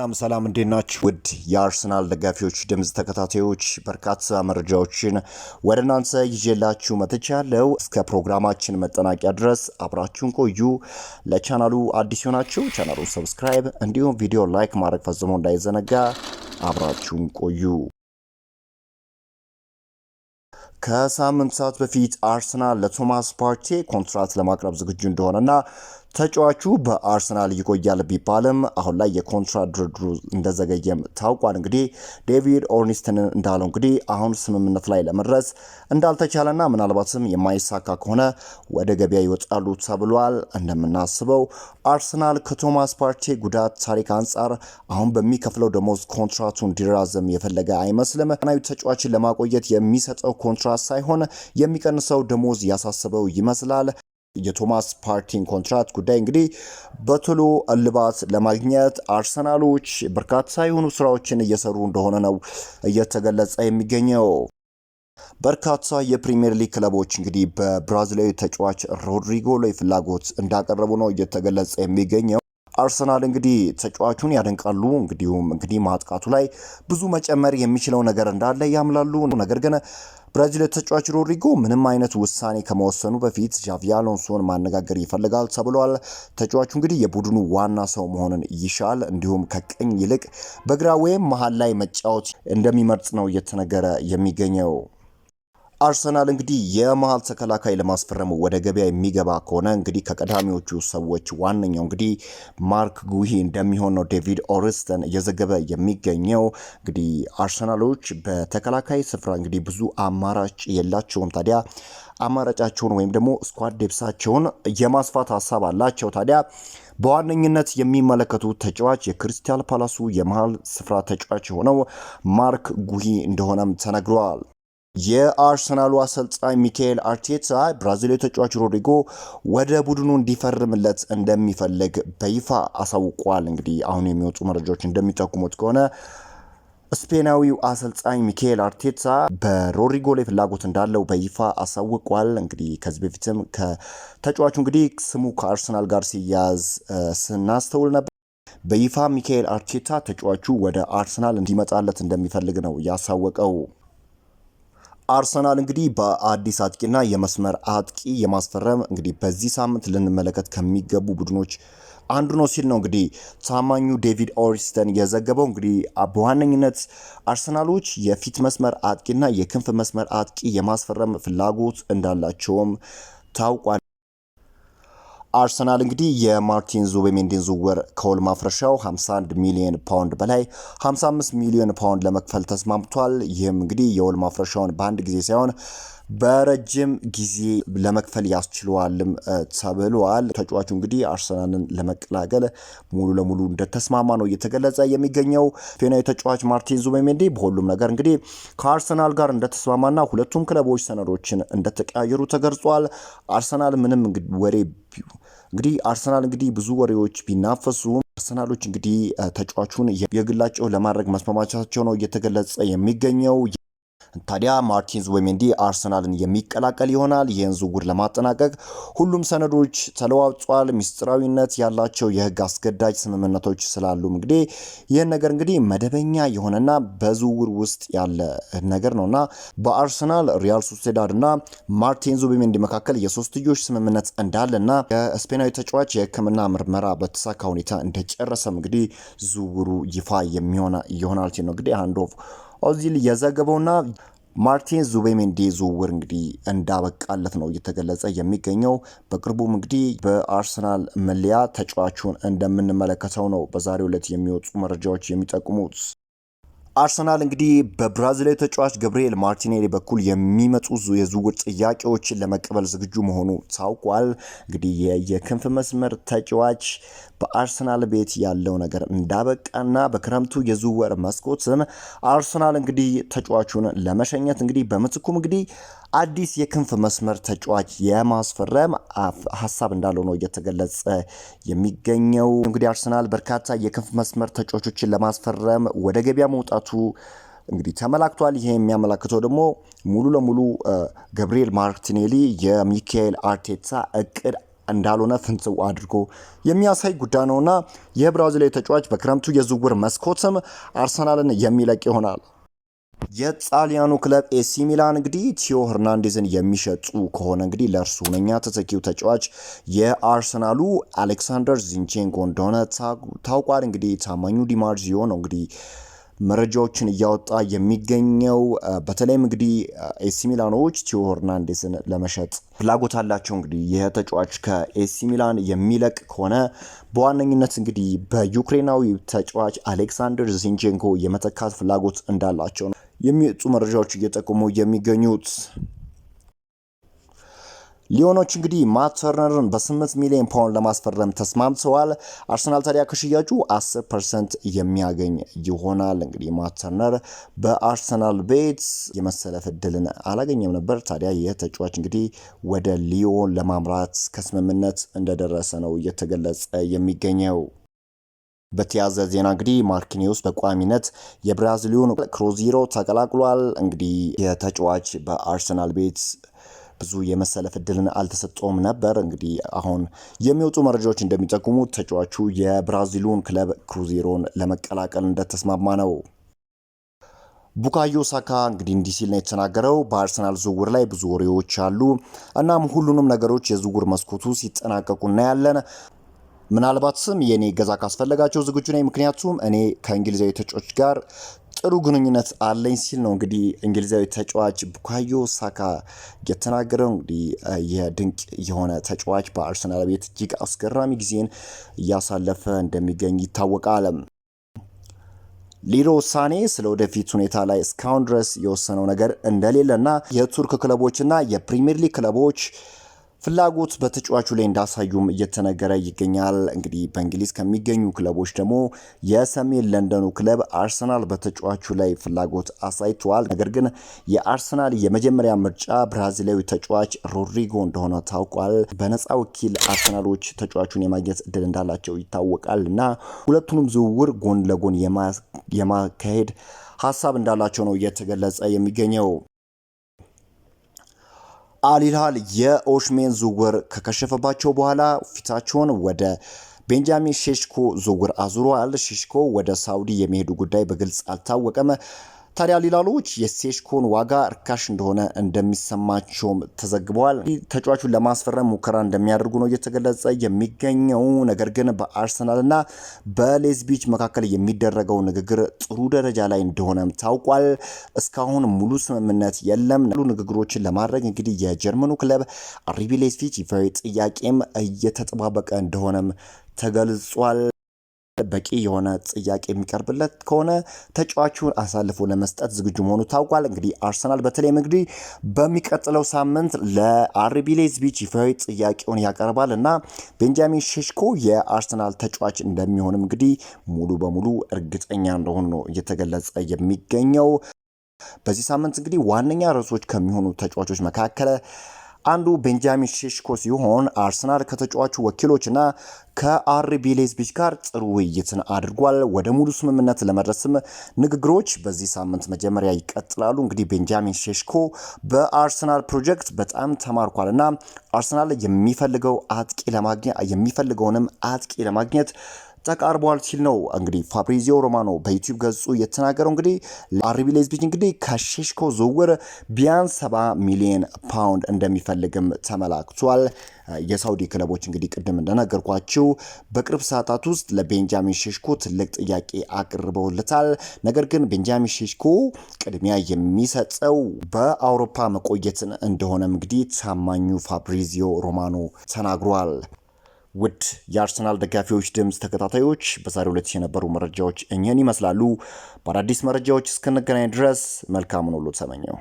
ሰላም ሰላም እንዴት ናችሁ? ውድ የአርሰናል ደጋፊዎች ድምፅ ተከታታዮች በርካታ መረጃዎችን ወደ እናንተ ይዤላችሁ መጥቻለሁ። እስከ ፕሮግራማችን መጠናቂያ ድረስ አብራችሁን ቆዩ። ለቻናሉ አዲስ ሆናችሁ ቻናሉን ሰብስክራይብ እንዲሁም ቪዲዮ ላይክ ማድረግ ፈጽሞ እንዳይዘነጋ። አብራችሁን ቆዩ። ከሳምንት ሰዓት በፊት አርሰናል ለቶማስ ፓርቴ ኮንትራት ለማቅረብ ዝግጁ እንደሆነና ተጫዋቹ በአርሰናል ይቆያል ቢባልም አሁን ላይ የኮንትራት ድርድሩ እንደዘገየም ታውቋል። እንግዲህ ዴቪድ ኦርኒስትን እንዳለው እንግዲህ አሁን ስምምነት ላይ ለመድረስ እንዳልተቻለና ምናልባትም የማይሳካ ከሆነ ወደ ገበያ ይወጣሉ ተብሏል። እንደምናስበው አርሰናል ከቶማስ ፓርቴ ጉዳት ታሪክ አንጻር አሁን በሚከፍለው ደሞዝ ኮንትራቱ እንዲራዘም የፈለገ አይመስልም። ናዊ ተጫዋችን ለማቆየት የሚሰጠው ኮንትራት ሳይሆን የሚቀንሰው ደሞዝ ያሳስበው ይመስላል። የቶማስ ፓርቲን ኮንትራት ጉዳይ እንግዲህ በቶሎ እልባት ለማግኘት አርሰናሎች በርካታ የሆኑ ስራዎችን እየሰሩ እንደሆነ ነው እየተገለጸ የሚገኘው። በርካታ የፕሪምየር ሊግ ክለቦች እንግዲህ በብራዚላዊ ተጫዋች ሮድሪጎ ላይ ፍላጎት እንዳቀረቡ ነው እየተገለጸ የሚገኘው። አርሰናል እንግዲህ ተጫዋቹን ያደንቃሉ። እንግዲሁም እንግዲህ ማጥቃቱ ላይ ብዙ መጨመር የሚችለው ነገር እንዳለ ያምላሉ። ነገር ግን ብራዚል ተጫዋች ሮድሪጎ ምንም አይነት ውሳኔ ከመወሰኑ በፊት ዣቪ አሎንሶን ማነጋገር ይፈልጋል ተብሏል። ተጫዋቹ እንግዲህ የቡድኑ ዋና ሰው መሆንን ይሻል፣ እንዲሁም ከቀኝ ይልቅ በግራ ወይም መሀል ላይ መጫወት እንደሚመርጥ ነው እየተነገረ የሚገኘው። አርሰናል እንግዲህ የመሀል ተከላካይ ለማስፈረሙ ወደ ገበያ የሚገባ ከሆነ እንግዲህ ከቀዳሚዎቹ ሰዎች ዋነኛው እንግዲህ ማርክ ጉሂ እንደሚሆን ነው ዴቪድ ኦርስተን እየዘገበ የሚገኘው። እንግዲህ አርሰናሎች በተከላካይ ስፍራ እንግዲህ ብዙ አማራጭ የላቸውም። ታዲያ አማራጫቸውን ወይም ደግሞ ስኳድ ዴብሳቸውን የማስፋት ሀሳብ አላቸው። ታዲያ በዋነኝነት የሚመለከቱ ተጫዋች የክሪስታል ፓላሱ የመሀል ስፍራ ተጫዋች የሆነው ማርክ ጉሂ እንደሆነም ተነግሯል። የአርሰናሉ አሰልጣኝ ሚካኤል አርቴታ ብራዚላዊ ተጫዋች ሮድሪጎ ወደ ቡድኑ እንዲፈርምለት እንደሚፈልግ በይፋ አሳውቋል። እንግዲህ አሁን የሚወጡ መረጃዎች እንደሚጠቁሙት ከሆነ ስፔናዊው አሰልጣኝ ሚካኤል አርቴታ በሮድሪጎ ላይ ፍላጎት እንዳለው በይፋ አሳውቋል። እንግዲህ ከዚህ በፊትም ከተጫዋቹ እንግዲህ ስሙ ከአርሰናል ጋር ሲያያዝ ስናስተውል ነበር። በይፋ ሚካኤል አርቴታ ተጫዋቹ ወደ አርሰናል እንዲመጣለት እንደሚፈልግ ነው ያሳወቀው። አርሰናል እንግዲህ በአዲስ አጥቂና የመስመር አጥቂ የማስፈረም እንግዲህ በዚህ ሳምንት ልንመለከት ከሚገቡ ቡድኖች አንዱ ነው ሲል ነው እንግዲህ ታማኙ ዴቪድ ኦሪስተን የዘገበው። እንግዲህ በዋነኝነት አርሰናሎች የፊት መስመር አጥቂና የክንፍ መስመር አጥቂ የማስፈረም ፍላጎት እንዳላቸውም ታውቋል። አርሰናል እንግዲህ የማርቲን ዙቤሜንዲን ዝውውር ከውል ማፍረሻው 51 ሚሊዮን ፓውንድ በላይ 55 ሚሊዮን ፓውንድ ለመክፈል ተስማምቷል። ይህም እንግዲህ የውል ማፍረሻውን በአንድ ጊዜ ሳይሆን በረጅም ጊዜ ለመክፈል ያስችለዋልም ተብሏል። ተጫዋቹ እንግዲህ አርሰናልን ለመቀላቀል ሙሉ ለሙሉ እንደተስማማ ነው እየተገለጸ የሚገኘው። ፌናዊ ተጫዋች ማርቲን ዙቤሜንዲ በሁሉም ነገር እንግዲህ ከአርሰናል ጋር እንደተስማማና ሁለቱም ክለቦች ሰነዶችን እንደተቀያየሩ ተገልጿል። አርሰናል ምንም ወሬ እንግዲህ አርሰናል እንግዲህ ብዙ ወሬዎች ቢናፈሱም አርሰናሎች እንግዲህ ተጫዋቹን የግላቸው ለማድረግ መስማማቻቸው ነው እየተገለጸ የሚገኘው። ታዲያ ማርቲን ወሜንዲ አርሰናልን የሚቀላቀል ይሆናል። ይህን ዝውውር ለማጠናቀቅ ሁሉም ሰነዶች ተለዋውጧል። ሚስጥራዊነት ያላቸው የህግ አስገዳጅ ስምምነቶች ስላሉ እንግዲህ ይህን ነገር እንግዲህ መደበኛ የሆነና በዝውውር ውስጥ ያለ ነገር ነውና በአርሰናል ሪያል ሶሴዳድና ማርቲንስ ወሜንዲ መካከል የሶስትዮሽ ስምምነት እንዳለና የስፔናዊ ተጫዋች የህክምና ምርመራ በተሳካ ሁኔታ እንደጨረሰም እንግዲህ ዝውውሩ ይፋ የሚሆና ይሆናል ነው እንግዲህ አንድ ኦፍ ኦዚል እያዘገበውና ማርቲን ዙቤሜንዲ ዝውውር እንግዲህ እንዳበቃለት ነው እየተገለጸ የሚገኘው። በቅርቡም እንግዲህ በአርሰናል መለያ ተጫዋቹን እንደምንመለከተው ነው በዛሬው ዕለት የሚወጡ መረጃዎች የሚጠቁሙት። አርሰናል እንግዲህ በብራዚላዊ ተጫዋች ገብርኤል ማርቲኔሊ በኩል የሚመጡ የዝውውር ጥያቄዎችን ለመቀበል ዝግጁ መሆኑ ታውቋል። እንግዲህ የክንፍ መስመር ተጫዋች በአርሰናል ቤት ያለው ነገር እንዳበቃና በክረምቱ የዝውውር መስኮትም አርሰናል እንግዲህ ተጫዋቹን ለመሸኘት እንግዲህ በምትኩም እንግዲህ አዲስ የክንፍ መስመር ተጫዋች የማስፈረም ሀሳብ እንዳለው ነው እየተገለጸ የሚገኘው። እንግዲህ አርሰናል በርካታ የክንፍ መስመር ተጫዋቾችን ለማስፈረም ወደ ገበያ መውጣቱ እንግዲህ ተመላክቷል። ይሄ የሚያመላክተው ደግሞ ሙሉ ለሙሉ ገብርኤል ማርቲኔሊ የሚካኤል አርቴታ እቅድ እንዳልሆነ ፍንጽው አድርጎ የሚያሳይ ጉዳይ ነውና ይህ ብራዚላዊ ተጫዋች በክረምቱ የዝውውር መስኮትም አርሰናልን የሚለቅ ይሆናል። የጣሊያኑ ክለብ ኤሲ ሚላን እንግዲህ ቲዮ ሄርናንዴዝን የሚሸጡ ከሆነ እንግዲህ ለእርሱ ሁነኛ ተተኪው ተጫዋች የአርሰናሉ አሌክሳንደር ዚንቼንኮ እንደሆነ ታውቋል። እንግዲህ ታማኙ ዲማርዚዮ ነው እንግዲህ መረጃዎችን እያወጣ የሚገኘው በተለይም እንግዲህ ኤሲ ሚላኖች ቲዮ ሄርናንዴዝን ለመሸጥ ፍላጎት አላቸው። እንግዲህ ይህ ተጫዋች ከኤሲ ሚላን የሚለቅ ከሆነ በዋነኝነት እንግዲህ በዩክሬናዊ ተጫዋች አሌክሳንደር ዚንቼንኮ የመተካት ፍላጎት እንዳላቸው ነው የሚወጡ መረጃዎች እየጠቆሙ የሚገኙት። ሊዮኖች እንግዲህ ማት ተርነርን በ8 ሚሊዮን ፓውንድ ለማስፈረም ተስማምተዋል። አርሰናል ታዲያ ከሽያጩ 10 ፐርሰንት የሚያገኝ ይሆናል። እንግዲህ ማት ተርነር በአርሰናል ቤት የመሰለፍ እድልን አላገኘም ነበር። ታዲያ ይህ ተጫዋች እንግዲህ ወደ ሊዮን ለማምራት ከስምምነት እንደደረሰ ነው እየተገለጸ የሚገኘው። በተያዘ ዜና እንግዲህ ማርኪኒዮስ በቋሚነት የብራዚሊዮን ክሩዚሮ ተቀላቅሏል። እንግዲህ የተጫዋች በአርሰናል ቤት ብዙ የመሰለፍ እድልን አልተሰጠውም ነበር። እንግዲህ አሁን የሚወጡ መረጃዎች እንደሚጠቁሙት ተጫዋቹ የብራዚሉን ክለብ ክሩዚሮን ለመቀላቀል እንደተስማማ ነው። ቡካዮ ሳካ እንግዲህ እንዲህ ሲል ነው የተናገረው። በአርሰናል ዝውውር ላይ ብዙ ወሬዎች አሉ። እናም ሁሉንም ነገሮች የዝውውር መስኮቱ ሲጠናቀቁ እናያለን። ምናልባት ስም የኔ ገዛ ካስፈለጋቸው ዝግጁ ነኝ፣ ምክንያቱም እኔ ከእንግሊዛዊ ተጫዋች ጋር ጥሩ ግንኙነት አለኝ ሲል ነው እንግዲህ እንግሊዛዊ ተጫዋች ቡካዮ ሳካ የተናገረው። እንግዲህ የድንቅ የሆነ ተጫዋች በአርሰናል ቤት እጅግ አስገራሚ ጊዜን እያሳለፈ እንደሚገኝ ይታወቃል። ሊሮ ሳኔ ስለ ወደፊት ሁኔታ ላይ እስካሁን ድረስ የወሰነው ነገር እንደሌለና የቱርክ ክለቦችና የፕሪሚየር ሊግ ክለቦች ፍላጎት በተጫዋቹ ላይ እንዳሳዩም እየተነገረ ይገኛል። እንግዲህ በእንግሊዝ ከሚገኙ ክለቦች ደግሞ የሰሜን ለንደኑ ክለብ አርሰናል በተጫዋቹ ላይ ፍላጎት አሳይተዋል። ነገር ግን የአርሰናል የመጀመሪያ ምርጫ ብራዚላዊ ተጫዋች ሮድሪጎ እንደሆነ ታውቋል። በነፃ ወኪል አርሰናሎች ተጫዋቹን የማግኘት እድል እንዳላቸው ይታወቃል እና ሁለቱንም ዝውውር ጎን ለጎን የማካሄድ ሀሳብ እንዳላቸው ነው እየተገለጸ የሚገኘው። አሊላል የኦሽሜን ዝውውር ከከሸፈባቸው በኋላ ፊታቸውን ወደ ቤንጃሚን ሼሽኮ ዝውውር አዙሯል። ሼሽኮ ወደ ሳውዲ የሚሄዱ ጉዳይ በግልጽ አልታወቀም። ታዲያ ሊላሎዎች የሴሽኮን ዋጋ ርካሽ እንደሆነ እንደሚሰማቸውም ተዘግበዋል። ተጫዋቹን ለማስፈረም ሙከራ እንደሚያደርጉ ነው እየተገለጸ የሚገኘው። ነገር ግን በአርሰናልና በሌዝቢች መካከል የሚደረገው ንግግር ጥሩ ደረጃ ላይ እንደሆነም ታውቋል። እስካሁን ሙሉ ስምምነት የለም። ሙሉ ንግግሮችን ለማድረግ እንግዲህ የጀርመኑ ክለብ አሪቢ ሌዝቢች ይፋዊ ጥያቄም እየተጠባበቀ እንደሆነም ተገልጿል። በቂ የሆነ ጥያቄ የሚቀርብለት ከሆነ ተጫዋቹን አሳልፎ ለመስጠት ዝግጁ መሆኑ ታውቋል። እንግዲህ አርሰናል በተለይም እንግዲህ በሚቀጥለው ሳምንት ለአርቢ ሌዝቢች ይፋዊ ጥያቄውን ያቀርባል እና ቤንጃሚን ሼሽኮ የአርሰናል ተጫዋች እንደሚሆንም እንግዲህ ሙሉ በሙሉ እርግጠኛ እንደሆኑ ነው እየተገለጸ የሚገኘው። በዚህ ሳምንት እንግዲህ ዋነኛ ርዕሶች ከሚሆኑ ተጫዋቾች መካከል አንዱ ቤንጃሚን ሼሽኮ ሲሆን አርሰናል ከተጫዋቹ ወኪሎችና ከአርቢ ሌዝቢጅ ጋር ጥሩ ውይይትን አድርጓል። ወደ ሙሉ ስምምነት ለመድረስም ንግግሮች በዚህ ሳምንት መጀመሪያ ይቀጥላሉ። እንግዲህ ቤንጃሚን ሼሽኮ በአርሰናል ፕሮጀክት በጣም ተማርኳል እና አርሰናል የሚፈልገው አጥቂ ለማግኘት የሚፈልገውንም አጥቂ ለማግኘት ተቃርቧል ሲል ነው እንግዲህ ፋብሪዚዮ ሮማኖ በዩቲዩብ ገጹ የተናገረው። እንግዲህ ለአርቢ ሌዝቢጅ እንግዲህ ከሼሽኮ ዝውውር ቢያንስ 70 ሚሊዮን ፓውንድ እንደሚፈልግም ተመላክቷል። የሳውዲ ክለቦች እንግዲህ ቅድም እንደነገርኳችሁ በቅርብ ሰዓታት ውስጥ ለቤንጃሚን ሼሽኮ ትልቅ ጥያቄ አቅርበውለታል። ነገር ግን ቤንጃሚን ሼሽኮ ቅድሚያ የሚሰጠው በአውሮፓ መቆየትን እንደሆነም እንግዲህ ታማኙ ፋብሪዚዮ ሮማኖ ተናግሯል። ውድ የአርሰናል ደጋፊዎች ድምፅ ተከታታዮች በዛሬው ዕለት የነበሩ መረጃዎች እኚህን ይመስላሉ። በአዳዲስ መረጃዎች እስክንገናኝ ድረስ መልካሙን ሁሉ ተመኘው።